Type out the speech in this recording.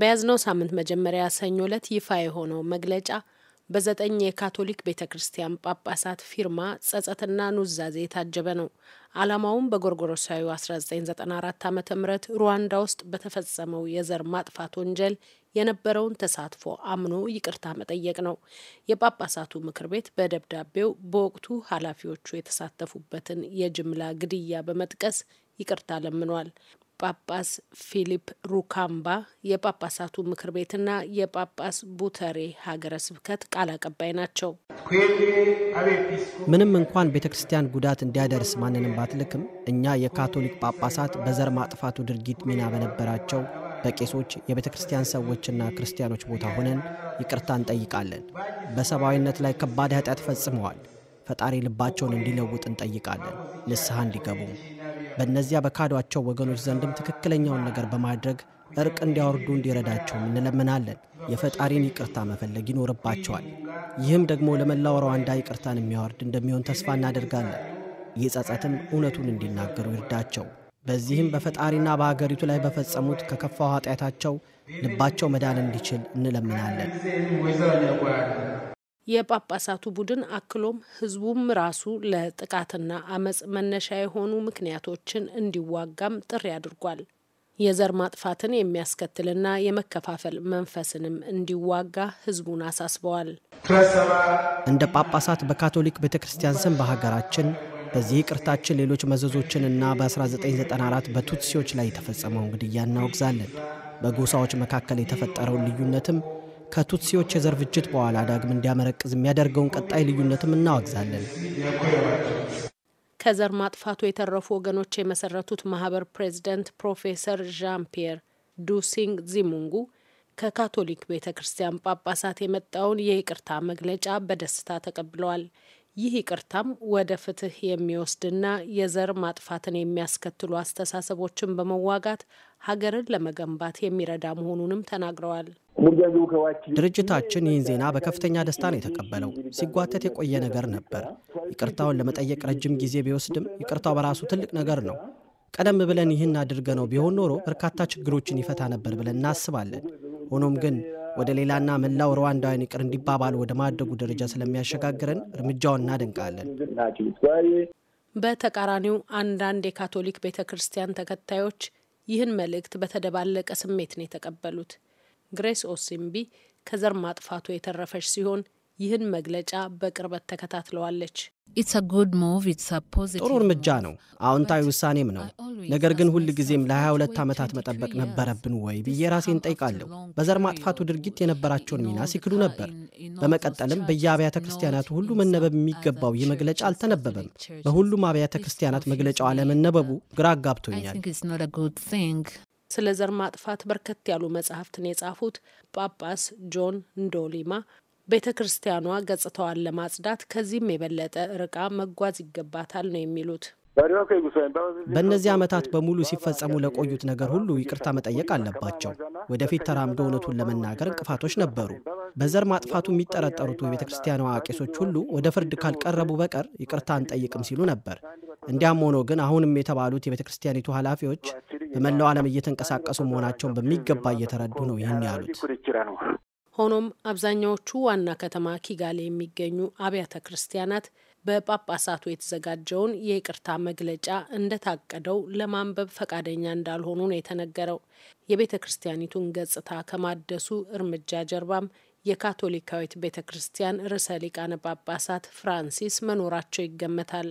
በያዝነው ሳምንት መጀመሪያ ሰኞ ዕለት ይፋ የሆነው መግለጫ በዘጠኝ የካቶሊክ ቤተ ክርስቲያን ጳጳሳት ፊርማ ጸጸትና ኑዛዜ የታጀበ ነው። ዓላማውም በጎርጎሮሳዊ 1994 ዓ ም ሩዋንዳ ውስጥ በተፈጸመው የዘር ማጥፋት ወንጀል የነበረውን ተሳትፎ አምኖ ይቅርታ መጠየቅ ነው። የጳጳሳቱ ምክር ቤት በደብዳቤው በወቅቱ ኃላፊዎቹ የተሳተፉበትን የጅምላ ግድያ በመጥቀስ ይቅርታ ለምኗል። ጳጳስ ፊሊፕ ሩካምባ የጳጳሳቱ ምክር ቤትና የጳጳስ ቡተሬ ሀገረ ስብከት ቃል አቀባይ ናቸው። ምንም እንኳን ቤተ ክርስቲያን ጉዳት እንዲያደርስ ማንንም ባትልክም እኛ የካቶሊክ ጳጳሳት በዘር ማጥፋቱ ድርጊት ሚና በነበራቸው በቄሶች የቤተ ክርስቲያን ሰዎችና ክርስቲያኖች ቦታ ሆነን ይቅርታ እንጠይቃለን። በሰብአዊነት ላይ ከባድ ኃጢአት ፈጽመዋል። ፈጣሪ ልባቸውን እንዲለውጥ እንጠይቃለን። ንስሐ እንዲገቡ በእነዚያ በካዷቸው ወገኖች ዘንድም ትክክለኛውን ነገር በማድረግ እርቅ እንዲያወርዱ እንዲረዳቸውም እንለምናለን። የፈጣሪን ይቅርታ መፈለግ ይኖርባቸዋል። ይህም ደግሞ ለመላው ሩዋንዳ ይቅርታን የሚያወርድ እንደሚሆን ተስፋ እናደርጋለን። ይህ ጸጸትም እውነቱን እንዲናገሩ ይርዳቸው። በዚህም በፈጣሪና በአገሪቱ ላይ በፈጸሙት ከከፋው ኃጢአታቸው ልባቸው መዳን እንዲችል እንለምናለን። የጳጳሳቱ ቡድን አክሎም ህዝቡም ራሱ ለጥቃትና አመጽ መነሻ የሆኑ ምክንያቶችን እንዲዋጋም ጥሪ አድርጓል። የዘር ማጥፋትን የሚያስከትልና የመከፋፈል መንፈስንም እንዲዋጋ ህዝቡን አሳስበዋል። እንደ ጳጳሳት በካቶሊክ ቤተ ክርስቲያን ስም በሀገራችን በዚህ ቅርታችን ሌሎች መዘዞችንና በ1994 በቱትሲዎች ላይ የተፈጸመውን ግድያ እናወግዛለን። በጎሳዎች መካከል የተፈጠረውን ልዩነትም ከቱትሲዎች የዘር ፍጅት በኋላ ዳግም እንዲያመረቅዝ የሚያደርገውን ቀጣይ ልዩነትም እናወግዛለን። ከዘር ማጥፋቱ የተረፉ ወገኖች የመሰረቱት ማህበር ፕሬዚደንት ፕሮፌሰር ዣን ፒየር ዱሲንግ ዚሙንጉ ከካቶሊክ ቤተ ክርስቲያን ጳጳሳት የመጣውን የይቅርታ መግለጫ በደስታ ተቀብለዋል። ይህ ይቅርታም ወደ ፍትህ የሚወስድና የዘር ማጥፋትን የሚያስከትሉ አስተሳሰቦችን በመዋጋት ሀገርን ለመገንባት የሚረዳ መሆኑንም ተናግረዋል። ድርጅታችን ይህን ዜና በከፍተኛ ደስታ ነው የተቀበለው። ሲጓተት የቆየ ነገር ነበር። ይቅርታውን ለመጠየቅ ረጅም ጊዜ ቢወስድም ይቅርታው በራሱ ትልቅ ነገር ነው። ቀደም ብለን ይህን አድርገ ነው ቢሆን ኖሮ በርካታ ችግሮችን ይፈታ ነበር ብለን እናስባለን። ሆኖም ግን ወደ ሌላና መላው ሩዋንዳውያን ይቅር እንዲባባሉ ወደ ማደጉ ደረጃ ስለሚያሸጋግረን እርምጃውን እናደንቃለን። በተቃራኒው አንዳንድ የካቶሊክ ቤተ ክርስቲያን ተከታዮች ይህን መልእክት በተደባለቀ ስሜት ነው የተቀበሉት። ግሬስ ኦሲምቢ ከዘር ማጥፋቱ የተረፈች ሲሆን ይህን መግለጫ በቅርበት ተከታትለዋለች። ጥሩ እርምጃ ነው፣ አዎንታዊ ውሳኔም ነው። ነገር ግን ሁል ጊዜም ለ22 ዓመታት መጠበቅ ነበረብን ወይ ብዬ ራሴን ጠይቃለሁ። በዘር ማጥፋቱ ድርጊት የነበራቸውን ሚና ሲክዱ uh, ነበር። በመቀጠልም በየአብያተ ክርስቲያናቱ ሁሉ መነበብ የሚገባው ይህ መግለጫ አልተነበበም። በሁሉም አብያተ ክርስቲያናት መግለጫው uh, አለመነበቡ ግራ አጋብቶኛል። ስለ ዘር ማጥፋት በርከት ያሉ መጽሐፍትን የጻፉት ጳጳስ ጆን እንዶሊማ ቤተ ክርስቲያኗ ገጽታዋን ለማጽዳት ከዚህም የበለጠ ርቃ መጓዝ ይገባታል ነው የሚሉት። በእነዚህ ዓመታት በሙሉ ሲፈጸሙ ለቆዩት ነገር ሁሉ ይቅርታ መጠየቅ አለባቸው። ወደፊት ተራምዶ እውነቱን ለመናገር እንቅፋቶች ነበሩ። በዘር ማጥፋቱ የሚጠረጠሩት የቤተ ክርስቲያኗ ቄሶች ሁሉ ወደ ፍርድ ካልቀረቡ በቀር ይቅርታ አንጠይቅም ሲሉ ነበር። እንዲያም ሆኖ ግን አሁንም የተባሉት የቤተ ክርስቲያኒቱ ኃላፊዎች በመላው ዓለም እየተንቀሳቀሱ መሆናቸውን በሚገባ እየተረዱ ነው ይህን ያሉት። ሆኖም አብዛኛዎቹ ዋና ከተማ ኪጋሌ የሚገኙ አብያተ ክርስቲያናት በጳጳሳቱ የተዘጋጀውን የይቅርታ መግለጫ እንደታቀደው ለማንበብ ፈቃደኛ እንዳልሆኑ ነው የተነገረው። የቤተ ክርስቲያኒቱን ገጽታ ከማደሱ እርምጃ ጀርባም የካቶሊካዊት ቤተ ክርስቲያን ርዕሰ ሊቃነ ጳጳሳት ፍራንሲስ መኖራቸው ይገመታል።